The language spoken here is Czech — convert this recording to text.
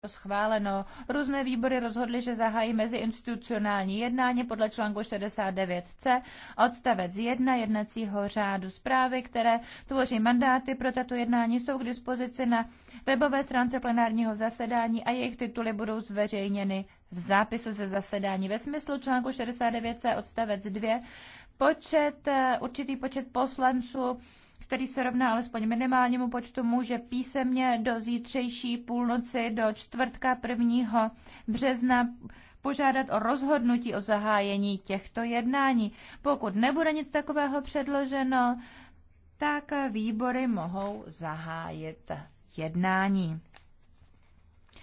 to schváleno. Různé výbory rozhodly, že zahájí meziinstitucionální jednání podle článku 69c odstavec 1 jednacího řádu zprávy, které tvoří mandáty pro tato jednání, jsou k dispozici na webové stránce plenárního zasedání a jejich tituly budou zveřejněny v zápisu ze zasedání. Ve smyslu článku 69c odstavec 2 počet, eh, určitý počet poslanců který se rovná alespoň minimálnímu počtu, může písemně do zítřejší půlnoci do čtvrtka 1. března požádat o rozhodnutí o zahájení těchto jednání. Pokud nebude nic takového předloženo, tak výbory mohou zahájit jednání.